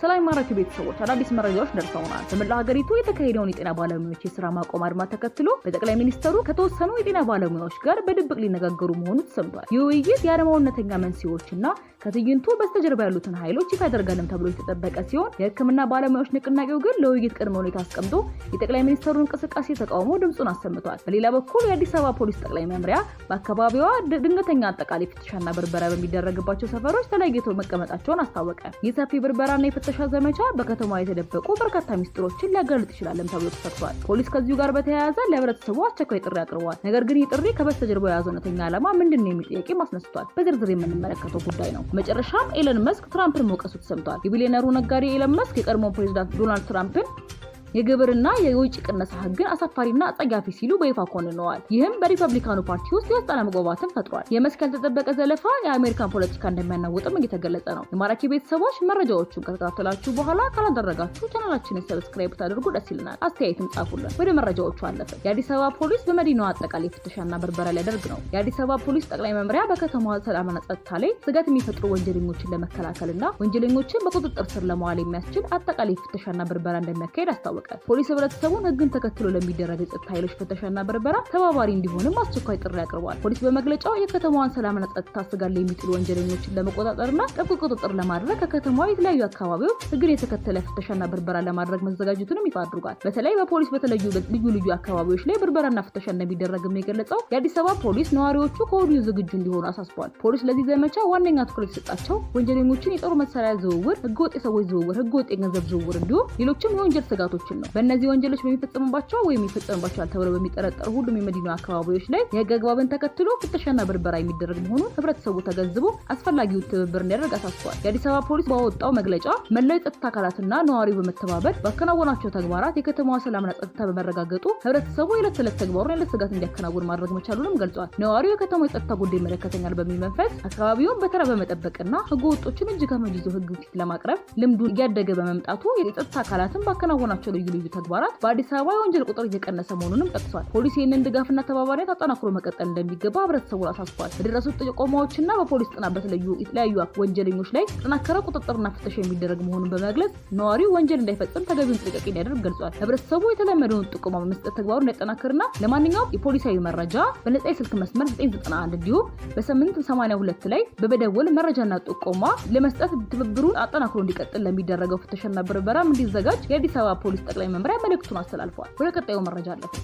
ስለ አይማራኪ ቤተሰቦች አዳዲስ መረጃዎች ደርሰውናል። በመላ ሀገሪቱ የተካሄደውን የጤና ባለሙያዎች የስራ ማቆም አድማ ተከትሎ በጠቅላይ ሚኒስተሩ ከተወሰኑ የጤና ባለሙያዎች ጋር በድብቅ ሊነጋገሩ መሆኑ ተሰምቷል። ይህ ውይይት የአድማው እውነተኛ መንስኤዎችና ከትዕይንቱ በስተጀርባ ያሉትን ኃይሎች ይፋ ያደርጋልም ተብሎ የተጠበቀ ሲሆን የሕክምና ባለሙያዎች ንቅናቄው ግን ለውይይት ቅድመ ሁኔታ አስቀምጦ የጠቅላይ ሚኒስተሩ እንቅስቃሴ ተቃውሞ ድምፁን አሰምቷል። በሌላ በኩል የአዲስ አበባ ፖሊስ ጠቅላይ መምሪያ በአካባቢዋ ድንገተኛ አጠቃላይ ፍተሻና ብርበራ በሚደረግባቸው ሰፈሮች ተለይቶ መቀመጣቸውን አስታወቀ። ይህ ሰፊ ብርበራና ማስለጠሻ ዘመቻ በከተማ የተደበቁ በርካታ ሚስጥሮችን ሊያጋልጥ ይችላለን ተብሎ ተሰጥቷል። ፖሊስ ከዚሁ ጋር በተያያዘ ለህብረተሰቡ አስቸኳይ ጥሪ አቅርቧል። ነገር ግን ይህ ጥሪ ከበስተጀርባው የያዘው እውነተኛ ዓላማ ምንድን ነው የሚል ጥያቄ አስነስቷል። በዝርዝር የምንመለከተው ጉዳይ ነው። መጨረሻም ኤለን መስክ ትራምፕን መውቀሱ ተሰምቷል። የቢሊዮነሩ ነጋዴ ኤለን መስክ የቀድሞ ፕሬዚዳንት ዶናልድ ትራምፕን የግብርና የውጭ ቅነሳ ህግን አሳፋሪና አጸያፊ ሲሉ በይፋ ኮንነዋል። ይህም በሪፐብሊካኑ ፓርቲ ውስጥ የስልጣን መግባባትን ፈጥሯል። የመስክ ያልተጠበቀ ዘለፋ የአሜሪካን ፖለቲካ እንደሚያናውጥም እየተገለጸ ነው። የማራኪ ቤተሰቦች መረጃዎቹን ከተከታተላችሁ በኋላ ካላደረጋችሁ ቻናላችንን ሰብስክራይብ ታደርጉ ደስ ይለናል። አስተያየትም ጻፉልን። ወደ መረጃዎቹ አለፈ። የአዲስ አበባ ፖሊስ በመዲናዋ አጠቃላይ ፍተሻና ብርበራ ሊያደርግ ነው። የአዲስ አበባ ፖሊስ ጠቅላይ መምሪያ በከተማዋ ሰላምና ጸጥታ ላይ ስጋት የሚፈጥሩ ወንጀለኞችን ለመከላከልና ወንጀለኞችን በቁጥጥር ስር ለመዋል የሚያስችል አጠቃላይ ፍተሻና ብርበራ እንደሚያካሄድ አስታውቋል። ይታወቃል። ፖሊስ ህብረተሰቡን ህግን ተከትሎ ለሚደረግ የጸጥታ ኃይሎች ፍተሻና በርበራ ተባባሪ እንዲሆንም አስቸኳይ ጥሪ አቅርቧል። ፖሊስ በመግለጫው የከተማዋን ሰላምና ጸጥታ ስጋ ላይ የሚጥሉ ወንጀለኞችን ለመቆጣጠርና ጥብቅ ቁጥጥር ለማድረግ ከከተማዋ የተለያዩ አካባቢዎች ህግን የተከተለ ፍተሻና ብርበራ ለማድረግ መዘጋጀቱንም ይፋ አድርጓል። በተለይ በፖሊስ በተለዩ ልዩ ልዩ አካባቢዎች ላይ ብርበራና ፍተሻ እንደሚደረግም የገለጸው የአዲስ አበባ ፖሊስ ነዋሪዎቹ ከወዲሁ ዝግጁ እንዲሆኑ አሳስቧል። ፖሊስ ለዚህ ዘመቻ ዋነኛ ትኩረት የሰጣቸው ወንጀለኞችን የጦር መሳሪያ ዝውውር፣ ህገወጥ የሰዎች ዝውውር፣ ህገወጥ የገንዘብ ዝውውር እንዲሁም ሌሎችም የወንጀል ስጋቶች ወንጀሎችን ነው። በእነዚህ ወንጀሎች በሚፈጸሙባቸው ወይም ይፈጸሙባቸዋል ተብሎ በሚጠረጠሩ ሁሉም የመዲና አካባቢዎች ላይ የህግ አግባብን ተከትሎ ፍተሻና ብርበራ የሚደረግ መሆኑን ህብረተሰቡ ተገንዝቦ አስፈላጊው ትብብር እንዲያደርግ አሳስቧል። የአዲስ አበባ ፖሊስ ባወጣው መግለጫ መላው የጸጥታ አካላትና ነዋሪው በመተባበር ባከናወናቸው ተግባራት የከተማዋ ሰላምና ጸጥታ በመረጋገጡ ህብረተሰቡ የዕለት ተዕለት ተግባሩን ያለ ስጋት እንዲያከናውን ማድረግ መቻሉንም ገልጿል። ነዋሪው የከተማ የጸጥታ ጉዳይ ይመለከተኛል በሚል መንፈስ አካባቢውን በተራ በመጠበቅና ህገ ወጦችን እጅ ከመጅ ይዞ ህግ ፊት ለማቅረብ ልምዱ እያደገ በመምጣቱ የጸጥታ አካላትን ባከናወናቸው ልዩ ልዩ ተግባራት በአዲስ አበባ የወንጀል ቁጥር እየቀነሰ መሆኑንም ጠቅሷል። ፖሊስ ይህንን ድጋፍና ተባባሪነት አጠናክሮ መቀጠል እንደሚገባ ህብረተሰቡን አሳስቧል። በደረሱት ጥቆማዎችና በፖሊስ ጥናት በተለዩ የተለያዩ ወንጀለኞች ላይ የተጠናከረ ቁጥጥርና ፍተሻ የሚደረግ መሆኑን በመግለጽ ነዋሪው ወንጀል እንዳይፈጽም ተገቢውን ጥንቃቄ እንዲያደርግ ገልጿል። ህብረተሰቡ የተለመደውን ጥቆማ በመስጠት ተግባሩ እንዲያጠናክርና ለማንኛውም የፖሊሳዊ መረጃ በነጻ የስልክ መስመር 991 እንዲሁም በ882 ላይ በመደወል መረጃና ጥቆማ ለመስጠት ትብብሩን አጠናክሮ እንዲቀጥል ለሚደረገው ፍተሻና ብርበራም እንዲዘጋጅ የአዲስ አበባ ፖሊስ ጠቅላይ መምሪያ መልእክቱን አስተላልፈዋል። ወደ ቀጣዩ መረጃ አለን።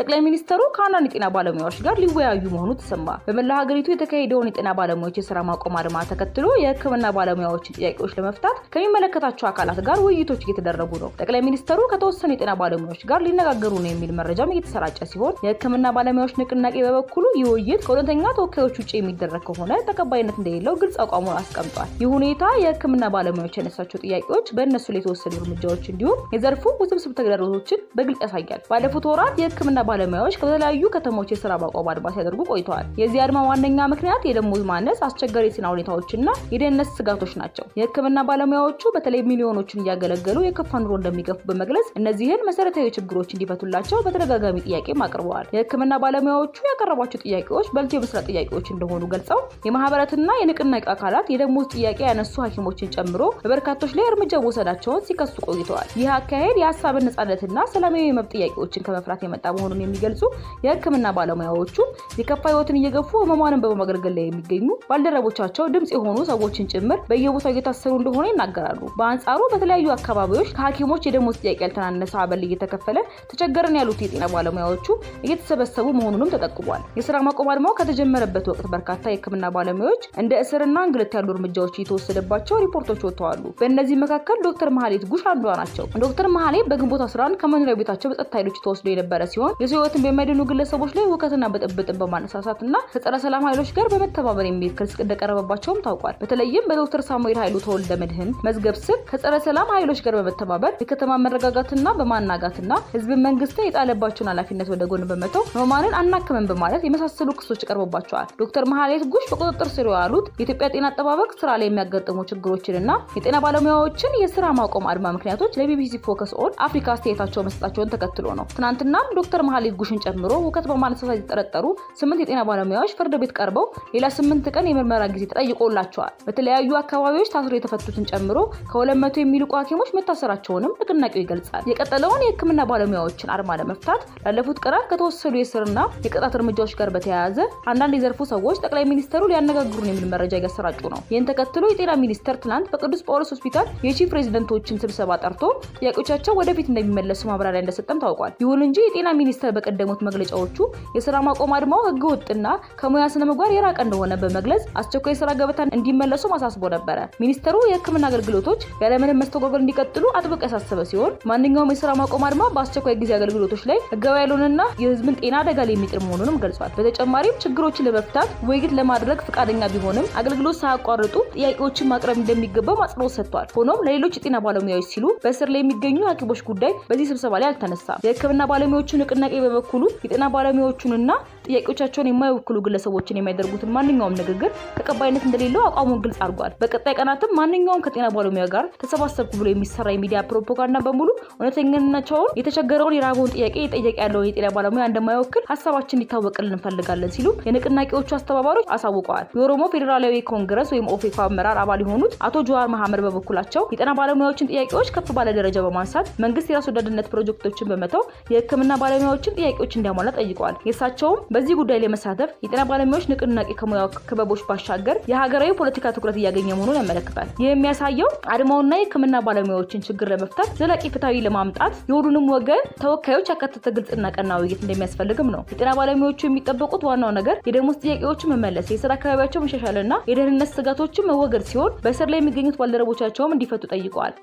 ጠቅላይ ሚኒስተሩ ከአንዳንድ የጤና ባለሙያዎች ጋር ሊወያዩ መሆኑ ተሰማ። በመላ ሀገሪቱ የተካሄደውን የጤና ባለሙያዎች የስራ ማቆም አድማ ተከትሎ የህክምና ባለሙያዎችን ጥያቄዎች ለመፍታት ከሚመለከታቸው አካላት ጋር ውይይቶች እየተደረጉ ነው። ጠቅላይ ሚኒስተሩ ከተወሰኑ የጤና ባለሙያዎች ጋር ሊነጋገሩ ነው የሚል መረጃም እየተሰራጨ ሲሆን የህክምና ባለሙያዎች ንቅናቄ በበኩሉ ይህ ውይይት ከእውነተኛ ተወካዮች ውጭ የሚደረግ ከሆነ ተቀባይነት እንደሌለው ግልጽ አቋሙን አስቀምጧል። ይህ ሁኔታ የህክምና ባለሙያዎች ያነሳቸው ጥያቄዎች፣ በእነሱ ላይ የተወሰኑ እርምጃዎች እንዲሁም የዘርፉ ውስብስብ ተግዳሮቶችን በግልጽ ያሳያል። ባለፉት ወራት የህክምና ባለሙያዎች ከተለያዩ ከተሞች የስራ ማቆም አድማ ሲያደርጉ ቆይተዋል። የዚህ አድማ ዋነኛ ምክንያት የደሞዝ ማነስ፣ አስቸጋሪ የጤና ሁኔታዎችና የደህንነት ስጋቶች ናቸው። የህክምና ባለሙያዎቹ በተለይ ሚሊዮኖችን እያገለገሉ የከፋ ኑሮ እንደሚገፉ በመግለጽ እነዚህን መሰረታዊ ችግሮች እንዲፈቱላቸው በተደጋጋሚ ጥያቄም አቅርበዋል። የህክምና ባለሙያዎቹ ያቀረቧቸው ጥያቄዎች በልቶ የመስራት ጥያቄዎች እንደሆኑ ገልጸው የማህበረትና የንቅናቄ አካላት የደሞዝ ጥያቄ ያነሱ ሐኪሞችን ጨምሮ በበርካቶች ላይ እርምጃ መውሰዳቸውን ሲከሱ ቆይተዋል። ይህ አካሄድ የሀሳብን ነጻነትና ሰላማዊ የመብት ጥያቄዎችን ከመፍራት የመጣ መሆኑን መሆናቸውን የሚገልጹ የህክምና ባለሙያዎቹ የከፋ ህይወትን እየገፉ ህመሟንን በማገልገል ላይ የሚገኙ ባልደረቦቻቸው ድምፅ የሆኑ ሰዎችን ጭምር በየቦታው እየታሰሩ እንደሆነ ይናገራሉ። በአንጻሩ በተለያዩ አካባቢዎች ከሐኪሞች የደሞዝ ጥያቄ ያልተናነሰ አበል እየተከፈለ ተቸገረን ያሉት የጤና ባለሙያዎቹ እየተሰበሰቡ መሆኑንም ተጠቁሟል። የስራ ማቆም አድማው ከተጀመረበት ወቅት በርካታ የህክምና ባለሙያዎች እንደ እስርና እንግልት ያሉ እርምጃዎች እየተወሰደባቸው ሪፖርቶች ወጥተዋሉ። በእነዚህ መካከል ዶክተር መሀሌት ጉሽ አንዷ ናቸው። ዶክተር መሀሌት በግንቦት 11 ከመኖሪያ ቤታቸው በጸጥታ ኃይሎች ተወስዶ የነበረ ሲሆን የሰው ህይወትን በሚያድኑ ግለሰቦች ላይ ሁከትና ብጥብጥን በማነሳሳት እና ከጸረ ሰላም ኃይሎች ጋር በመተባበር የሚል ክስ እንደቀረበባቸውም ታውቋል። በተለይም በዶክተር ሳሙኤል ኃይሉ ተወልደ መድህን መዝገብ ስር ከጸረ ሰላም ኃይሎች ጋር በመተባበር የከተማ መረጋጋትና በማናጋትና ህዝብ መንግስትን የጣለባቸውን ኃላፊነት ወደ ጎን በመተው ህሙማንን አናክምን በማለት የመሳሰሉ ክሶች ቀርቦባቸዋል። ዶክተር መሐሌት ጉሽ በቁጥጥር ስር የዋሉት የኢትዮጵያ ጤና አጠባበቅ ስራ ላይ የሚያጋጥሙ ችግሮችንና የጤና ባለሙያዎችን የስራ ማቆም አድማ ምክንያቶች ለቢቢሲ ፎከስ ኦን አፍሪካ አስተያየታቸው መስጠታቸውን ተከትሎ ነው። ትናንትናም ዶክተር መሐሌት ጉሽን ጨምሮ ውከት በማነሳሳት የተጠረጠሩ ስምንት የጤና ባለሙያዎች ፍርድ ቤት ቀርበው ሌላ ስምንት ቀን የምርመራ ጊዜ ተጠይቆላቸዋል። በተለያዩ አካባቢዎች ታስሮ የተፈቱትን ጨምሮ ከሁለት መቶ የሚልቁ ሐኪሞች መታሰራቸውንም ንቅናቄው ይገልጻል። የቀጠለውን የህክምና ባለሙያዎችን አድማ ለመፍታት ላለፉት ቀናት ከተወሰዱ የስርና የቅጣት እርምጃዎች ጋር በተያያዘ አንዳንድ የዘርፉ ሰዎች ጠቅላይ ሚኒስተሩ ሊያነጋግሩን የሚል መረጃ እያሰራጩ ነው። ይህን ተከትሎ የጤና ሚኒስተር ትናንት በቅዱስ ጳውሎስ ሆስፒታል የቺፍ ሬዚደንቶችን ስብሰባ ጠርቶ ጥያቄዎቻቸው ወደፊት እንደሚመለሱ ማብራሪያ እንደሰጠም ታውቋል። ይሁን እንጂ የጤና ሚኒስ ሚኒስትር በቀደሙት መግለጫዎቹ የስራ ማቆም አድማው ህገ ወጥና ከሙያ ስነ ምግባር የራቀ እንደሆነ በመግለጽ አስቸኳይ የስራ ገበታ እንዲመለሱ ማሳስቦ ነበረ። ሚኒስተሩ የህክምና አገልግሎቶች ያለምንም መስተጓጎል እንዲቀጥሉ አጥብቅ ያሳሰበ ሲሆን ማንኛውም የስራ ማቆም አድማ በአስቸኳይ ጊዜ አገልግሎቶች ላይ ህጋዊ ያልሆነና የህዝብን ጤና አደጋ ላይ የሚጥር መሆኑንም ገልጿል። በተጨማሪም ችግሮችን ለመፍታት ውይይት ለማድረግ ፈቃደኛ ቢሆንም አገልግሎት ሳያቋርጡ ጥያቄዎችን ማቅረብ እንደሚገባም አጽንኦት ሰጥቷል። ሆኖም ለሌሎች የጤና ባለሙያዎች ሲሉ በእስር ላይ የሚገኙ ሐኪሞች ጉዳይ በዚህ ስብሰባ ላይ አልተነሳም። የህክምና ባለሙያዎቹ ንቅናቄ ንቅናቄ በበኩሉ የጤና ባለሙያዎቹንና ጥያቄዎቻቸውን የማይወክሉ ግለሰቦችን የሚያደርጉትን ማንኛውም ንግግር ተቀባይነት እንደሌለው አቋሙን ግልጽ አድርጓል። በቀጣይ ቀናትም ማንኛውም ከጤና ባለሙያ ጋር ተሰባሰብኩ ብሎ የሚሰራ የሚዲያ ፕሮፓጋንዳ በሙሉ እውነተኛነቸውን የተቸገረውን የራበውን ጥያቄ የጠየቀ ያለውን የጤና ባለሙያ እንደማይወክል ሀሳባችን እንዲታወቅልን እንፈልጋለን ሲሉ የንቅናቄዎቹ አስተባባሪዎች አሳውቀዋል። የኦሮሞ ፌዴራላዊ ኮንግረስ ወይም ኦፌኮ አመራር አባል የሆኑት አቶ ጀዋር መሐመድ በበኩላቸው የጤና ባለሙያዎችን ጥያቄዎች ከፍ ባለ ደረጃ በማንሳት መንግስት የራስ ወዳድነት ፕሮጀክቶችን በመተው የህክምና ባለሙያዎችን ጥያቄዎች እንዲያሟላ ጠይቀዋል። የእሳቸውም በዚህ ጉዳይ ላይ መሳተፍ የጤና ባለሙያዎች ንቅናቄ ከሙያ ክበቦች ባሻገር የሀገራዊ ፖለቲካ ትኩረት እያገኘ መሆኑን ያመለክታል። ይህ የሚያሳየው አድማውና የህክምና ባለሙያዎችን ችግር ለመፍታት ዘላቂ ፍትሐዊ ለማምጣት የሁሉንም ወገን ተወካዮች ያካተተ ግልጽና ቀና ውይይት እንደሚያስፈልግም ነው። የጤና ባለሙያዎቹ የሚጠበቁት ዋናው ነገር የደሞዝ ጥያቄዎችን መመለስ፣ የስራ አካባቢያቸው መሻሻልና የደህንነት ስጋቶችን መወገድ ሲሆን በስር ላይ የሚገኙት ባልደረቦቻቸውም እንዲፈቱ ጠይቀዋል።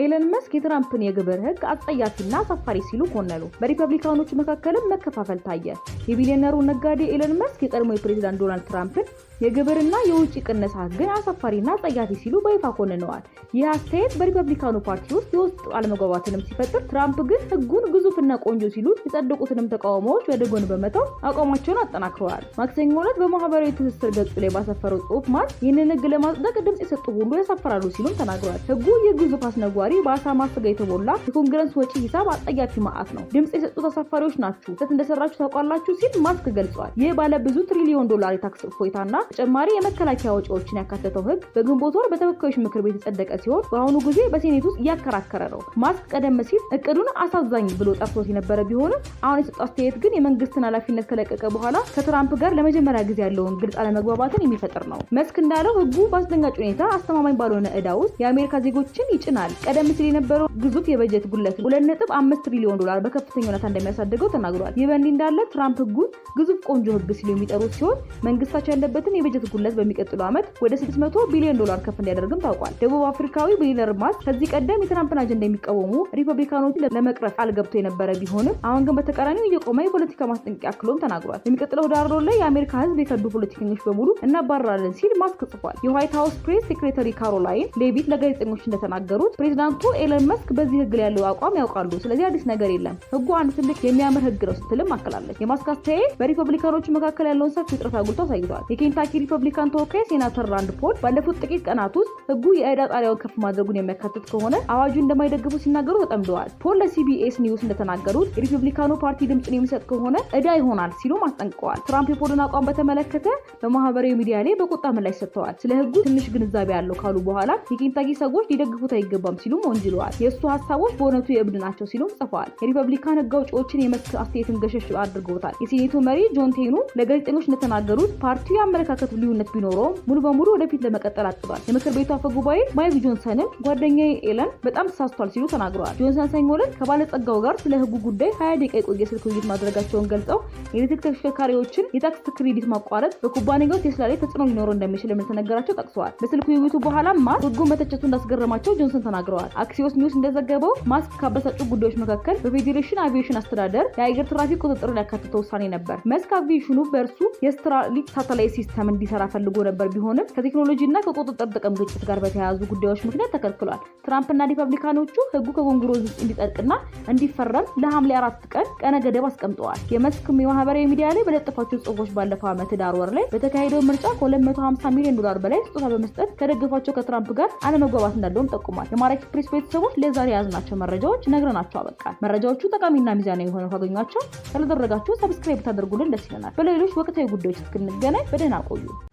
ኤለን መስክ የትራምፕን የግብር ህግ አጸያፊና አሳፋሪ ሲሉ ኮነኑ። በሪፐብሊካኖች መካከልም መከፋፈል ታየ። የቢሊዮነሩ ነጋዴ ኤለን መስክ የቀድሞ የፕሬዚዳንት ዶናልድ ትራምፕን የግብርና የውጭ ቅነሳ ግን አሳፋሪና ጸያፊ ሲሉ በይፋ ኮንነዋል። ይህ አስተያየት በሪፐብሊካኑ ፓርቲ ውስጥ የውስጥ አለመግባባትንም ሲፈጥር፣ ትራምፕ ግን ህጉን ግዙፍና ቆንጆ ሲሉ የጸደቁትንም ተቃውሞዎች ወደ ጎን በመተው አቋማቸውን አጠናክረዋል። ማክሰኞ ዕለት በማህበራዊ ትስስር ገጹ ላይ ባሰፈረው ጽሑፍ ማር ይህንን ህግ ለማጽደቅ ድምፅ የሰጡ ሁሉ ያሳፈራሉ ሲሉም ተናግረዋል። ህጉ የግዙፍ አስነጓሪ በአሳ ማስጋ የተሞላ የኮንግረስ ወጪ ሂሳብ አጸያፊ መዓት ነው። ድምፅ የሰጡት አሳፋሪዎች ናችሁ፣ ስህተት እንደሰራችሁ ታውቃላችሁ ሲል ማስክ ገልጿል። ይህ ባለ ብዙ ትሪሊዮን ዶላር የታክስ እፎይታና ተጨማሪ የመከላከያ ወጪዎችን ያካተተው ህግ በግንቦት ወር በተወካዮች ምክር ቤት የጸደቀ ሲሆን በአሁኑ ጊዜ በሴኔት ውስጥ እያከራከረ ነው። ማስክ ቀደም ሲል እቅዱን አሳዛኝ ብሎ ጠርቶት የነበረ ቢሆንም አሁን የሰጡ አስተያየት ግን የመንግስትን ኃላፊነት ከለቀቀ በኋላ ከትራምፕ ጋር ለመጀመሪያ ጊዜ ያለውን ግልጽ አለመግባባትን የሚፈጥር ነው። መስክ እንዳለው ህጉ በአስደንጋጭ ሁኔታ አስተማማኝ ባልሆነ እዳ ውስጥ የአሜሪካ ዜጎችን ይጭናል። ቀደም ሲል የነበረው ግዙፍ የበጀት ጉለት ሁለት ነጥብ አምስት ትሪሊዮን ዶላር በከፍተኛ ሁኔታ እንደሚያሳድገው ተናግሯል። ይህ በእንዲህ እንዳለ ትራምፕ ህጉን ግዙፍ ቆንጆ ህግ ሲሉ የሚጠሩት ሲሆን መንግስታቸው ያለበትን የበጀት ጉድለት በሚቀጥለው ዓመት ወደ 600 ቢሊዮን ዶላር ከፍ እንዲያደርግም ታውቋል። ደቡብ አፍሪካዊ ቢሊነር ማስክ ከዚህ ቀደም የትራምፕን አጀንዳ የሚቃወሙ ሪፐብሊካኖችን ለመቅረፍ ቃል ገብቶ የነበረ ቢሆንም አሁን ግን በተቃራኒው እየቆመ የፖለቲካ ማስጠንቀቂያ አክሎም ተናግሯል። በሚቀጥለው ዳር ላይ የአሜሪካ ህዝብ የከዱ ፖለቲከኞች በሙሉ እናባረራለን ሲል ማስክ ጽፏል። የዋይት ሀውስ ፕሬስ ሴክሬታሪ ካሮላይን ሌቪት ለጋዜጠኞች እንደተናገሩት ፕሬዚዳንቱ ኤለን መስክ በዚህ ህግ ላይ ያለው አቋም ያውቃሉ፣ ስለዚህ አዲስ ነገር የለም። ህጉ አንድ ትልቅ የሚያምር ህግ ነው ስትልም አክላለች። የማስክ አስተያየት በሪፐብሊካኖች መካከል ያለውን ሰፊ ውጥረት አጉልቶ አሳይቷል። የኬንታ የኬንታኪ ሪፐብሊካን ተወካይ ሴናተር ራንድ ፖል ባለፉት ጥቂት ቀናት ውስጥ ህጉ የእዳ ጣሪያውን ከፍ ማድረጉን የሚያካትት ከሆነ አዋጁ እንደማይደግፉ ሲናገሩ ተጠምደዋል። ፖል ለሲቢኤስ ኒውስ እንደተናገሩት የሪፐብሊካኑ ፓርቲ ድምፅን የሚሰጥ ከሆነ እዳ ይሆናል ሲሉም አስጠንቅቀዋል። ትራምፕ የፖልን አቋም በተመለከተ በማህበራዊ ሚዲያ ላይ በቁጣ ምላሽ ሰጥተዋል። ስለ ህጉ ትንሽ ግንዛቤ ያለው ካሉ በኋላ የኬንታኪ ሰዎች ሊደግፉት አይገባም ሲሉም ወንጅለዋል። የእሱ ሀሳቦች በእውነቱ የእብድ ናቸው ሲሉም ጽፈዋል። የሪፐብሊካን ህግ አውጪዎችን የመስክ አስተያየትን ገሸሽ አድርገውታል። የሴኔቱ መሪ ጆን ቴኑ ለጋዜጠኞች እንደተናገሩት ፓርቲው የአመለካ የአመለካከቱ ልዩነት ቢኖረውም ሙሉ በሙሉ ወደፊት ለመቀጠል አቅዷል። የምክር ቤቱ አፈ ጉባኤ ማይክ ጆንሰንም ጓደኛዬ ኤለን በጣም ተሳስቷል ሲሉ ተናግረዋል። ጆንሰን ሰኞ ዕለት ከባለጸጋው ጋር ስለ ህጉ ጉዳይ ሀያ ደቂቃ የቆየ ስልክ ውይይት ማድረጋቸውን ገልጸው የኤሌክትሪክ ተሽከርካሪዎችን የታክስ ክሬዲት ማቋረጥ በኩባንያው ቴስላ ላይ ተጽዕኖ ሊኖረው እንደሚችል እንደተነገራቸው ጠቅሰዋል። በስልክ ውይይቱ በኋላም ማስክ ህጉን መተቸቱ እንዳስገረማቸው ጆንሰን ተናግረዋል። አክሲዮስ ኒውስ እንደዘገበው ማስክ ካበሳጩ ጉዳዮች መካከል በፌዴሬሽን አቪዬሽን አስተዳደር የአየር ትራፊክ ቁጥጥርን ያካተተ ውሳኔ ነበር። መስክ አቪዬሽኑ በእርሱ የስትራሊክ ሳተላይት ሲስተም መልካም እንዲሰራ ፈልጎ ነበር። ቢሆንም ከቴክኖሎጂ እና ከቁጥጥር ጥቅም ግጭት ጋር በተያያዙ ጉዳዮች ምክንያት ተከልክሏል። ትራምፕና ሪፐብሊካኖቹ ህጉ ከኮንግረስ ውጭ እንዲጸድቅና እንዲፈረም ለሐምሌ አራት ቀን ቀነ ገደብ አስቀምጠዋል። የመስክ የማህበራዊ ሚዲያ ላይ በለጠፋቸው ጽሁፎች ባለፈው ዓመት ዳር ወር ላይ በተካሄደው ምርጫ ከ250 ሚሊዮን ዶላር በላይ ስጦታ በመስጠት ከደገፏቸው ከትራምፕ ጋር አለመግባባት እንዳለውም ጠቁሟል። የማራኪ ፕሬስ ቤተሰቦች ለዛሬ የያዝናቸው መረጃዎች ነግረናቸው አበቃል። መረጃዎቹ ጠቃሚና ሚዛናዊ የሆነው ካገኟቸው ስላደረጋችሁ ሰብስክራይብ ታደርጉልን ደስ ይለናል። በሌሎች ወቅታዊ ጉዳዮች እስክንገናኝ በደህና for you.